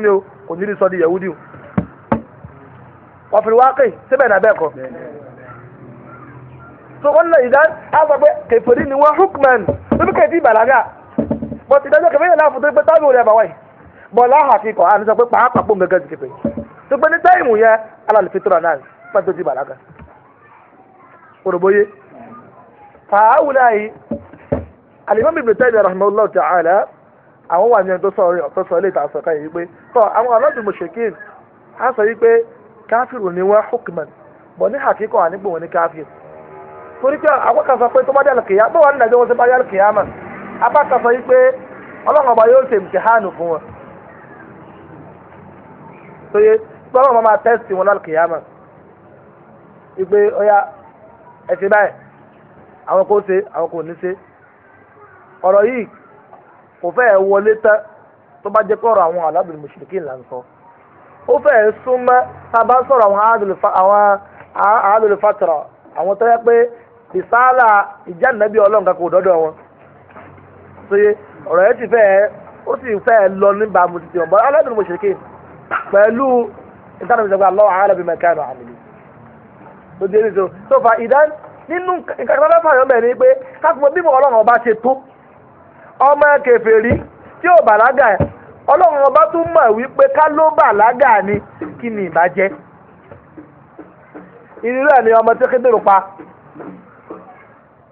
ni o kò ní ní sọ di yahudi o wọ́n fi wá pé síbẹ̀ náà bẹ́ẹ̀ kọ́ so wọ́n lọ ìdá àwọn pé kẹfẹ́rí ni wọ́n hukman níbi kẹfì ìbàlágà bọ́ ti dájọ́ kẹfẹ́ yẹn láàfin tó pé táwọn olè àbáwá yìí bọ́ láhà kíkọ́ àti sọ pé pàápàá pò gẹ́gẹ́ ti kẹfẹ́ tó pé ní táìmù yẹn alàlùfẹ́ tó rà náà pàtó ti ìbàlágà òròbóyé fàáwù náà yìí alimami bìtẹ́ ìdá rahmanulahu àwọn wà ní ẹni tó sọ orin ọ̀tọ́ sọ léètà sọ káyọ̀ wípé tọ́ àwọn ọlọ́dún mọ̀ṣẹ́kìn á sọ wípé káfíìrù ni wọ́n hukman bọ̀ ní àkíkọ̀ ànígbò wọn ní káfíìrù. torí pé àwọn kan sọ pé tó bá dé àlùkìyà bó wọn tó bá dé àlùkìyà apá sọ wípé ọlọ́run ọba yóò ṣe ìmùtìhánù fún wọn. tóye gbọ́dọ̀ máa tẹ́sì wọn wípé báyìí àwọn kò kò fẹ́ẹ̀ wọlé tán tó bá jẹ́ kọ́rọ̀ àwọn aládùn mùsùlùmí là ń sọ ó fẹ́ẹ̀ súnmọ́ tá a bá sọ̀rọ̀ àwọn aládùn fatara àwọn tó yẹ pé ìsáàlà ìjánabi ọlọ́run kan kò dọ́dọ̀ wọn ṣe ọ̀rọ̀ yẹn ti fẹ́ẹ̀ ó sì fẹ́ẹ̀ lọ nígbà mùsùlùmí ọ̀bọ̀ aládùn mùsùlùmí pẹ̀lú ìtànàmì sọ̀rọ̀ àlọ́ àhálà bíi mẹ́kánù àmì tó dé ní so so fa ìdá nínú nǹkan tó fẹ́ fà yọ̀ bẹ́ẹ̀ ni pé ká fún mi bí mo ọlọ́run ọmọ kèfèrí tí ò bàlágà ọlọ́run ọba tún mọ̀ wípé ká ló bàlágà ni kí ni ìbàjẹ́ irú ẹ̀ ni ọmọ tí kédèrò pa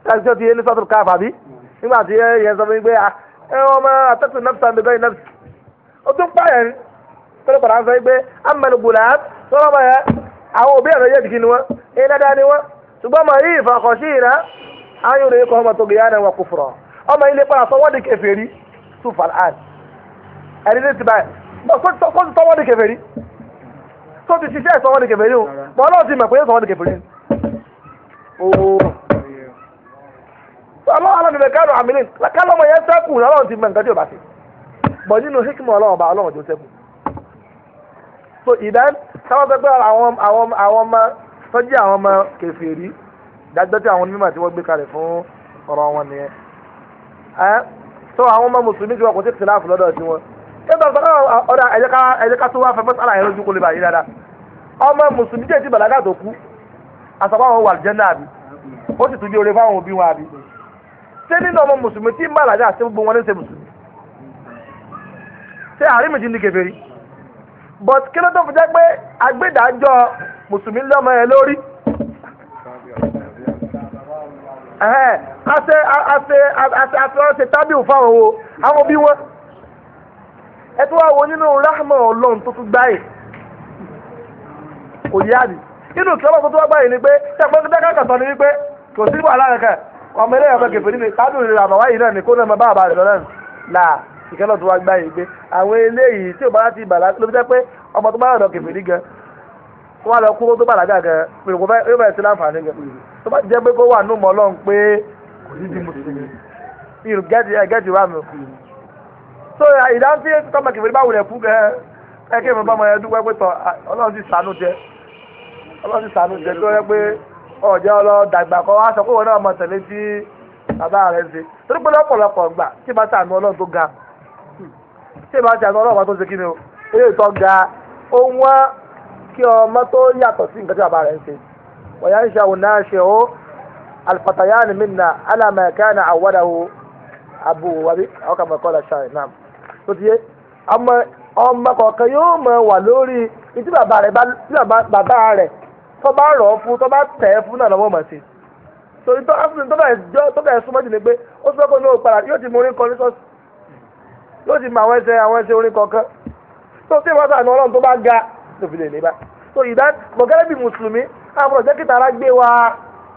láti tó ti yé ní sọ́tò káfà bí nígbà tí yẹn sọ fún mi pé ah, ẹ ọmọ àtẹ́tù nẹ́pùtà mi bẹ́ẹ̀ nẹ́pùtà ó tún pààyàn ní tọ́lá padà ń sọ pé amẹ́nu gbòòlà tọ́lá ọmọ yẹn àwọn òbí ẹ̀rọ yẹn jìgì ni wọ́n iná dá ni wọ́n ṣùgbọ́n ọmọ yìí ìfọkànṣí ìrẹ́ ayọ̀rẹ́ kọ́ ọmọ tó gbé yára wọn kò fọ̀rọ̀ ọmọ ilé padà sọ wọ́ọ̀dì kèfèrí sùfà àn ẹni ní ti báyìí kó ti sọ wọ́ọ̀dì kèfèrí tó ti ṣiṣẹ́ sọ wọ́ọ̀dì kèfèrí o mọ ọlọ́run ti mọ̀ pé yóò sọ wọ́ọ̀dì kèfèrí ooo ọlọ́run alábẹ̀bẹ̀ kánú àmì lẹ́yìn kálọ́mọ yẹn sẹ́kù ọlọ́run ti mọ̀ nǹkan tí ò bá ti bọ̀ nínú hikima ọlọ́run ọba ọlọ́run tó sẹ́kù so ìdán sábà sọ pé àwọn ọmọ tọ́jú ẹ tó àwọn ọmọ mùsùlùmí ti wọn kò sí kìláàfù lọ́dọ̀ sí wọn ẹ bá bàbá ọ̀dà ẹ̀jẹ̀ ká tó wá fẹ́ mọ́sálà yẹn lójú kó lè bá yí dáadáa ọmọ mùsùlùmí jẹ́ ti bàlágà tó kú àsọ̀bá wọn wà jẹ́nà àbí ó sì tún bí oore fáwọn òbí wọn àbí ṣé nínú ọmọ mùsùlùmí tí ń bàlágà ṣé gbogbo wọn ní ṣe mùsùlùmí ṣé àárín mi ti ní kèfèrí but kí ló tó fi jẹ́ pé agbẹ́dàájọ́ mùsùlùmí lọ́mọ yẹn lórí afẹ́ afẹ́ afẹ́ afẹ́ ṣe tábìlì fáwọn wo àwọn bi wọn. ẹ tó wá nínú rahman ọlọ́run tó tún gbáyè kò yá ni nínú kí ọlọ́run tó wá gbáyè ni pé ṣàpẹ́ kí dákàkà sọ ni wípé kò sí wàhálà rẹ̀ ọmọ ilé ẹ̀kọ́ kẹfẹ́ nínú náà ni kó náà bá àbá là tó wá gbáyè àwọn eléyìí tí ò bá pé ọmọ tó bá ní gan wọ́n á lọ kúrò tó bàlágà gan pé kò yóò bẹ̀rẹ̀ tó bá jẹ́ pé kó wà nù ọlọ́run pé kò ní wà mí. so ìdáhùn tí kìfèrè bá wulẹ̀ kú ẹ kí dúpẹ́ pé tọ́ ọlọ́run ti sànú jẹ ọlọ́run ti sànú jẹ tó yẹ pé ọ̀jẹ́ ọlọ́dàgbà kọ́ wá sọ pé náà mọ tẹ̀lé tí bàbá rẹ̀ ń ṣe torí pé lọ́pọ̀lọpọ̀ gbà tí bá sànú ọlọ́run tó ga tí bá sànú ọlọ́run tó ṣe kí ni o eré ìtọ́ ga ó kí ọmọ tó yàtọ̀ sí nǹkan tí bàbá rẹ̀ ń ṣe wọ́n yà ń ṣe àwọn náà ṣe ó alfatayani minna alama kana awadahu abu wabi àwọn kan mọ̀ kọ́ la ṣàì náà tó ti yé ọmọ ọmọ kọ̀ọ̀kan yóò mọ̀ wà lórí tí bàbá rẹ̀ bàbá rẹ̀ tó bá rọ̀ ọ́ fún tó bá tẹ̀ ẹ́ fún náà lọ́wọ́ mọ̀ sí torí tó áfíríkì tó bẹ̀rẹ̀ jọ tó bẹ̀rẹ̀ súnmọ́ jù ní pé ó sọ pé olóòpá yóò ti mú orin kan ní sọ́ọ̀sì yóò ti mọ àwọn ẹsẹ̀ àwọn ẹsẹ̀ orin kọ̀ọ̀kan tó tí ìwọ́sàn tó fi lè ní bá so ìdá mọ̀gẹ́lẹ́ bíi mùsùlùmí àwọn ọ̀jẹ́ kìtà ara gbé wa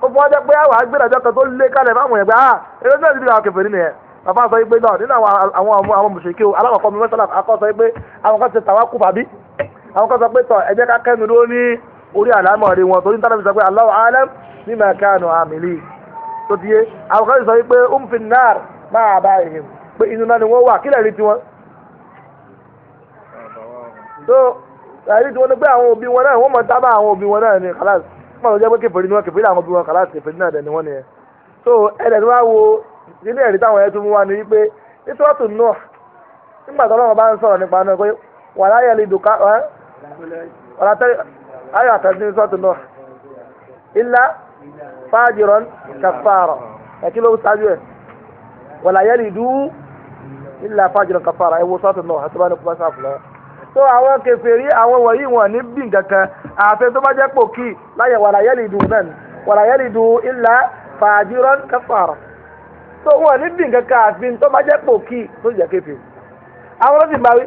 ó fún ọjọ́ pé àwọn agbẹ́dàjọ́ kan tó lé kalẹ̀ fáwọn ẹ̀gbẹ́ ah eré náà ti di àwọn kẹfẹ́ nínú yẹn bàbá sọ pé náà nínú àwọn àwọn àwọn mùsùlùmí alákọ̀ọ́kọ́ mi mẹ́sàlá akọ́ sọ pé àwọn kan ti tàwa kú fàbí àwọn kan sọ pé tọ̀ ẹ̀jẹ̀ ká kẹ́nu ló ní orí àlámọ̀ rí wọn torí tánà fi sọ pé Allahu alam mimma kanu amili tó ti yé àwọn kan sọ pé um fi nar máa bá ìhìn pé inú náà ni wọ́n wà kílẹ̀ rí tiwọn àyè tí wọ́n ní àwọn òbí wọn náà wọ́n mọ̀ tábà àwọn òbí wọn náà ní kàláàsì wọ́n mọ̀ jẹ́ pé kèfèrí ni wọ́n kèfèrí làwọn òbí wọn kàláàsì kèfèrí náà dẹ̀ ni nìyẹn. so ẹ̀dẹ̀ tí wọ́n á wo nínú ẹ̀rí táwọn ẹ̀ tún mú wa ni wípé nítorí náà nígbà tó lọ́wọ́ bá ń sọ̀rọ̀ nípa náà pé wà láyé lè dùn ká wà látẹ́rì ayọ̀ àtàtì ní sọ́ọ̀tù náà ilá fájìrán kàfàrọ̀ ẹ̀kí ló ń ṣáájú ẹ̀ wà láyé lè ilá fájìrán kàfàrọ̀ ẹ̀ wo sọ́ọ̀tù náà àti bá ní kúmọ́sáàfù náà so àwọn kèfèrí àwọn wọ̀nyí wọn ní bí nkankan àfẹ tó bá jẹ́ pò kí láyẹ̀ wàlà yẹ́lìdù náà wàlà yẹ́lìdù ilà fàájírọ́n kẹfàrọ̀ so wọn ní bí nkankan àfi tó bá jẹ́ pò kí tó jẹ́ kèfèrí àwọn ló ti bá wí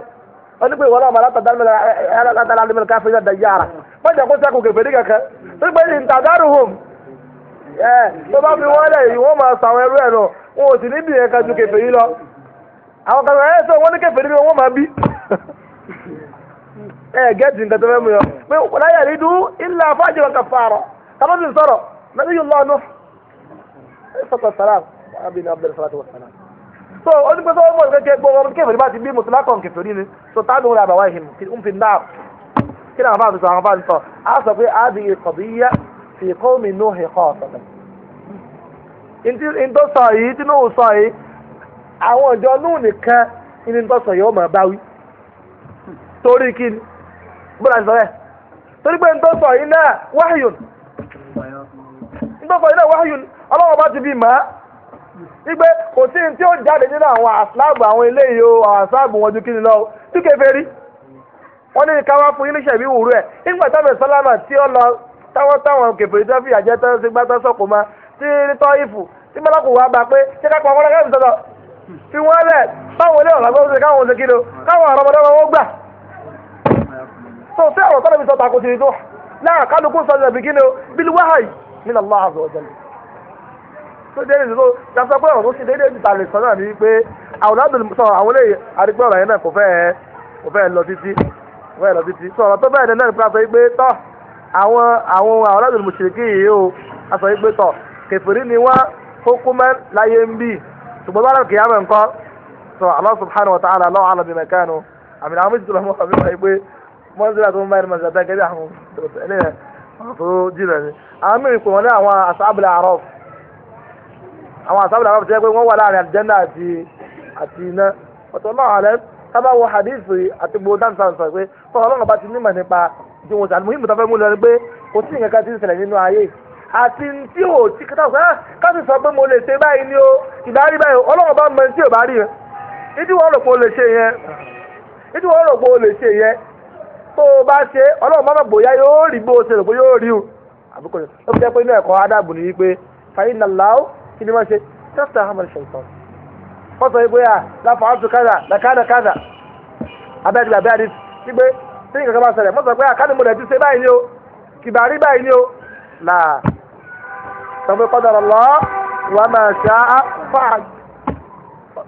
wọ́n ní pé ìwọ́n náà mọ̀ látàdá látàdá lómi ká fẹ́ dá yára wọ́n jẹ́ kó sẹ́kù kèfèrí kankan tó gbé ní ntàdárù hom tó bá fi wọ́n sọ wọn ò sì ní bí wọn máa bí. ẹ gẹ́tì nǹkan tó fẹ́ mu yọ pé wàláyà rí dùn ilà fájìrò kàfàrọ̀ kàmá ti sọ̀rọ̀ nàbí yìí lọ́nu ẹ sọ̀tọ̀ sàlám àbí ní abdul salatu wa salam. so onígbé sọ́wọ́ mọ̀ kékeré gbogbo ọmọ kékeré bá ti bí mùsùlùmá kan kẹfẹ́rí ni so táàdùn rẹ̀ àbáwá ìhìn ń fi náà kí ni àwọn fáwọn sọ àwọn fáwọn sọ á sọ pé á di ìkọ̀bíyá fi kọ́mi nù hìkọ́ ọ̀sọ̀tọ̀. ntọ́ sọ yìí tí nù sọ yìí àwọn ìjọ nù nìkan ní ntọ́ sọ yìí ó máa báwí torí kí ni bó la ti sọ bẹ́ẹ̀ torí pé nítorí sọ yìí náà wáhìyùn nítorí sọ wáhìyùn ọlọ́wọ́ bá ti bí màá igbe kò sí ní tí ó jáde nínú àwọn àwọn o àwọn àṣàbù wọn ju kí ni lọ o tí kèfèrí wọn ní ká wá fún yín níṣẹ́ ìbí ẹ̀ nígbà táwọn sálámà tí ó lọ táwọn táwọn kèfèrí sọ̀kò ma tí tọ́ ìfù tí mọ́lákù wà fi wọ́n lẹ̀ ṣe tó fẹ́ ọ̀rọ̀ tọ́lá mi sọ tako sí i tó láà kálukú sọ ìrẹ̀bí kí ni o bíi wáhàyí min Allah azza wa jalla tó dé nìyí tó yàtọ̀ pé ọ̀rọ̀ tó ṣe déédéé ti tàlẹ̀ sọ náà ni pé àwọn àdùn sọ àwọn eléyìí àdìgbò ọ̀rọ̀ yẹn náà kò fẹ́ kò fẹ́ lọ títí kò fẹ́ lọ títí sọ ọ̀rọ̀ tó bẹ́ẹ̀ náà nípa pé tọ́ àwọn yìí pé tọ́ kẹfìrí ni àwọn mọ́nsílá tó ń báyìí mọ́nsílá tó ń kẹ́lẹ́ àwọn ẹlẹ́yà tó jìnnà ni. àwọn mìíràn pè wọ́n ní àwọn asábìlà àrọ́f àwọn asábìlà àrọ́f jẹ́ pé wọ́n wà láàrin àlìjẹ́ndà àti àti iná ọ̀tọ̀ náà àlẹ́ sábà wọ hadith àti gbogbo dáńtà sọ pé fọwọ́ ọlọ́run bá ti nímọ̀ nípa ju wọn sàn muhimu tó fẹ́ mú lọ ni pé kò sí nǹkan ti ń ṣẹlẹ̀ nínú ayé àti tí ò tí kátà sọ ẹ́ ah, káṣí sọ pé mo lè ṣe báyìí ni o ìdarí báyìí ọlọ́run bá mọ tí ò bá rí yẹn ìdí wọn lè ṣe yẹn ìdí wọn lè ṣe yẹn tó o bá ṣe ọlọ́run bá mọ̀ bóyá yóò rí bó o ṣe rò pé yóò rí o àbúkọ yẹn ó fi jẹ́ pé inú ẹ̀kọ́ adáàbò ni wípé fàyín nàláwó kí ni wọ́n ṣe tẹ́sítà hàn mọ́lẹ̀ ṣèǹtọ́ wọ́n sọ wípé à láfa kádà làkádà kádà wípé tí nǹkan bá ṣẹlẹ̀ wọ́n sọ pé àkádì mo ṣe báyìí ni o báyìí ni o là sọ pé lọ́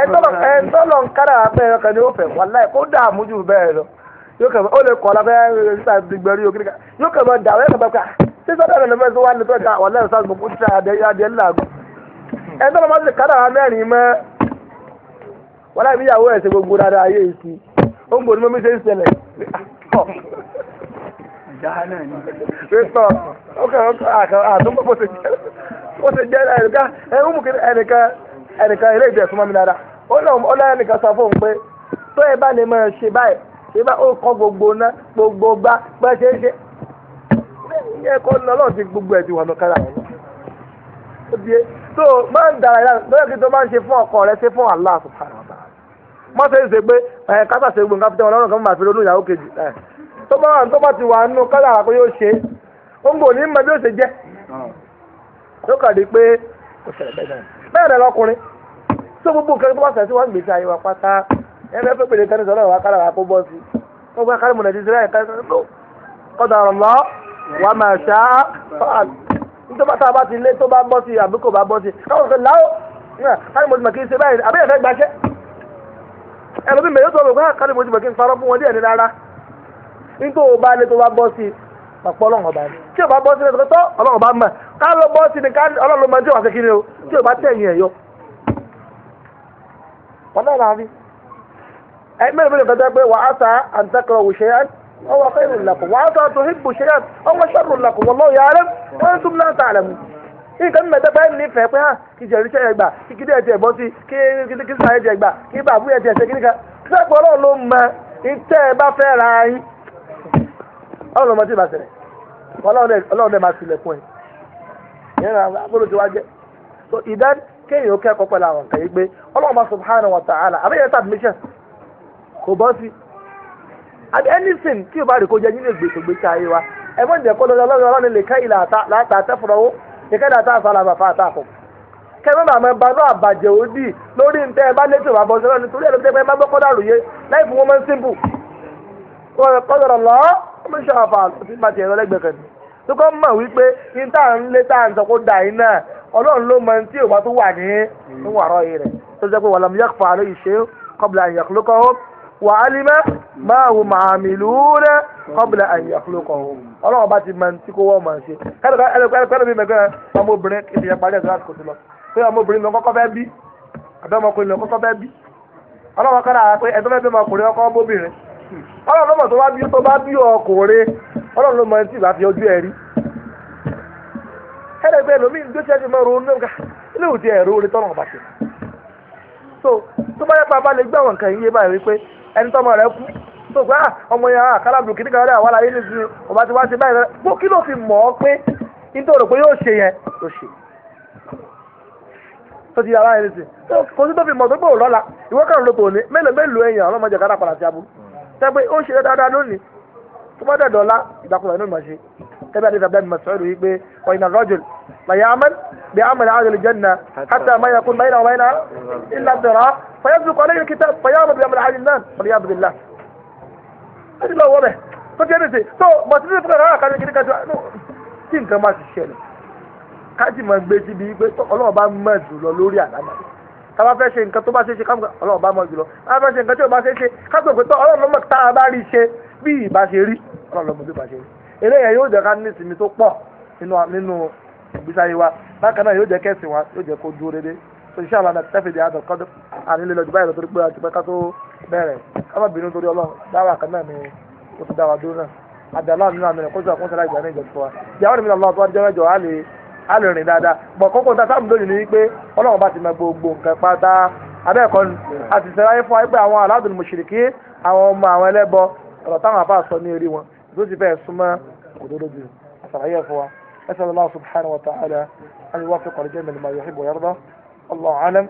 ẹ̀ńtọ́lọ̀ ń kára abẹ́rẹ́ kan ní ó fẹ́ wà kó dààmú jù bẹ́ẹ̀ lọ yóò kẹ́ ó lè kọ́ ọ lábẹ́ ẹ̀ńtà gbẹ̀rú yóò kiri ká yóò kẹ́ mọ dàwọ́ ẹ̀ńtà bàbá ṣé sọ́dọ̀ ẹ̀ńtà bàbá wà ní tọ́jà wà láì sáà gbogbo ṣe adìẹ ńláàgùn ẹ̀ńtọ́lọ̀ máa ti kára mẹ́rin mọ́ wà láì bíyàwó gbogbo dáadáa ayé ìsì ó ń bò ní ṣe ń ẹnìkan ilé ìjọ ẹ̀sùn mọ́ mi dáadáa ó náà ẹnìkan sọ fóun pé tó ẹ bá lè ṣe báyìí ṣe bá ó gbogbo ná gbogbo gbá bá ṣe é ṣe ní gbogbo ti wà ó di é e. tó máa ń dara ìlànà lọ́yọ̀ kí fún ọkọ rẹ fún Allah subhanahu wa ta'ala má ṣe é ṣe pé ṣe kan máa fi ronú ìyàwó kejì tó bá bẹ́ẹ̀ rẹ̀ lọkùnrin tó gbogbo nǹkan tó bá sẹ̀ sí wọn gbèsè àyè wa pátá ẹgbẹ́ pé pèlè tẹ́lẹ̀ sọ́dọ̀ wa kára wa kó bọ́ sí wọ́n gbé kárí mọ̀lẹ́dí sílẹ̀ ẹ̀ka kọ́dà ọ̀rọ̀ lọ wà máa ṣá fáàl nítorí tá a bá ti lé tó bá bọ́ sí àbí kò bá bọ́ sí káwọn kan láwọ́ kárí mo ti mọ̀ kí n ṣe báyìí àbí ẹ̀fẹ́ gbaṣẹ́ ẹlòmíì mẹ́rin tó lọ ah, kárí mo ti mọ̀ kí n parọ́ fún wọn díẹ̀ ní o bá lé tó pàpọ̀ ọlọ́run ọba ni tí o bá bọ́ sí ẹ̀sọ́ tó ọlọ́run ọba mọ̀ ká ló bọ́ sí ni o tí o bá tẹ̀yìn ẹ̀ yọ. wọn náà láàrin ẹ mẹ́rin mẹ́rin kan tó pé wà á sa àǹtakọ̀ òṣèyá ọwọ́ akẹ́rù làkùn wà á sa tòhíbù òṣèyá ọwọ́ sẹ́rù làkùn wọ́n lọ́ọ̀yà rẹ̀ wọ́n tún náà tà àlẹ́ mu nǹkan mímọ ẹgbẹ́ nífẹ̀ẹ́ pé hàn ah, kí jẹ̀rí ṣe ẹgbà kí kíndé ẹ̀jẹ̀ bọ́ sí kí kí sàn ẹ̀jẹ̀ gbà kí bàbú ẹ̀jẹ̀ ṣe ọlọ́run dẹ̀ máa tilẹ̀kùn ẹ̀ ìyẹn náà agbọ́dọ̀ ti wá jẹ́ so ìdá kéèyàn kẹ́kọ̀ọ́ pẹ̀lú àwọn yìí pé ọlọ́run bá subhanahu wa ta'ala kò bọ́ sí anything tí o bá rí kó jẹ nínú ìgbésò gbèsè ayé wa ẹ̀fọ́n ìdẹ̀kọ́ lọ́dọ̀ ọlọ́run ọlọ́run lè ká ìlà àtà àtẹ́fọ̀rọ̀wó lè ká ìlà àtà àfàlàbà fà àtàkùn kẹ́mi bàmọ́ ẹ bá náà àbàjẹ́ òdì lórí ntẹ́ ẹ bá létí ìwà bọ́sẹ̀ lọ́nà nítorí ẹ̀ ẹ mọ́ṣọ́ àfà tí bá tiẹ̀ lọ́lẹ́gbẹ̀ẹ́ kan ni tó kọ́ mọ̀ wípé ní tá à ń lé tá ń sọ kó dà yín náà ọlọ́run ló mọ tí òwá tó wà ní nínú hmm. àrọ́ yìí rẹ̀ tó jẹ́ pé wà lámú yàgò fàálẹ́ ìṣe kọ́bìlà ìyàkúlókọ́ ó wà á límẹ́ máa wù màmì lúúrẹ́ kọ́bìlà ìyàkúlókọ́ ó ọlọ́run bá ti mọ tí kò wọ́n mọ̀ ṣe kẹ́lẹ́kẹ́lẹ́ mi ọlọ́run ló mọ̀ tó bá bí tó bá bí ọkùnrin ọlọ́run ló mọ̀ ẹni tí ìbá fi ojú ẹ̀ rí ẹ̀ẹ́dẹ̀gbẹ́ e ìgbésẹ̀ ti máa ronú náà ilé òde ẹ̀rọ orin tọ́lọ̀ ọ̀bà so tó bá yẹ pa abálẹ̀ gbé àwọn nǹkan yìí yé báyìí wípé ẹni tọ́mọ rẹ kú tó gbé ah, ọmọ yẹn àkàlàbù ah, kìnnìkan kí tó ti yàrá yẹn kò sí tó fi mọ̀ tó tẹ́gbẹ́ ó ṣe dáadáa lónìí tó bá dẹ̀dọ̀ ọ̀la ìdákùnrin ló ń máa ṣe tẹ́gbẹ́ àti ìdàbẹ́ mi sọ̀rọ̀ yìí pé ọ̀yìn àrọ́jù làyàmán bí àmàlà àwọn ìlẹ̀jẹ̀ nà hàtà máa yẹkùn báyìí náà wáyìí náà ìlà dọ̀rọ̀ fọyọ́ fi kọ́ lẹ́yìn kìtà fọyọ́ àmàlà àmàlà àyìn náà fọlẹ́ àbùdìlá. ó ti lọ wọ bẹ̀ tó ti ẹni sè so tábà fẹ́ ṣe nǹkan tó bá ṣe ṣe káàmù ọlọ́run bá mọ̀ jùlọ tábà fẹ́ ṣe nǹkan tí ò bá ṣe ṣe káàmù pé tó ọlọ́run mọ̀ tá a bá rí ṣe bí ìbá ṣe rí ọlọ́run mọ̀ bí ìbá ṣe rí eléyàn yóò jẹ́ ká ní ìsinmi tó pọ̀ nínú ìgbésí ayé wa bákan náà yóò jẹ́ kẹ́sìn wa yóò jẹ́ kó dúró déédéé so insha Allah tẹ́fìdì àdàn kọ́dọ̀ àní lílọ jù báyìí lọ torí pé àti pẹ́ká tó bẹ̀rẹ̀ káwọn bínú torí ọlọ́run dáwà kan náà ni ó ti dáwà dúró náà àdàlọ́ àmì náà mi kó sọ àkóńtà láì gbà ní ìjọ á lè rìn dáadáa bọ̀ kókó ta sáàmù lónìí ni wípé ọlọ́run bá ti mọ gbogbo nǹkan pátá abẹ́ẹ̀kọ́ ni a ti sẹ́ra yín fún wa pé àwọn aládùn mùṣìríkí àwọn ọmọ àwọn ẹlẹ́bọ ọ̀rọ̀ táwọn àbá sọ ní orí wọn tó ti bẹ́ẹ̀ súnmọ́ òdodo jù àṣàlàyé ẹ̀fọ́ wa ẹ̀sẹ̀ lọ́wọ́ subhanahu wa ta'ala an yuwaffiqa al-jamia lima yuhibbu wa yarda Allahu a'lam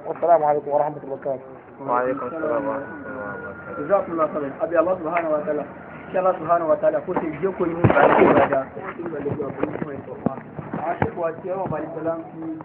kí Allah subhanahu wa ta'ala kó ṣe ìjókòó yìí ní ìbáṣepọ̀ dáadáa kó ṣe ìwà lójú ọ̀gbìn fún ẹ̀kọ́ kan àwọn aṣèkọ̀ọ́ tí ọ̀rọ̀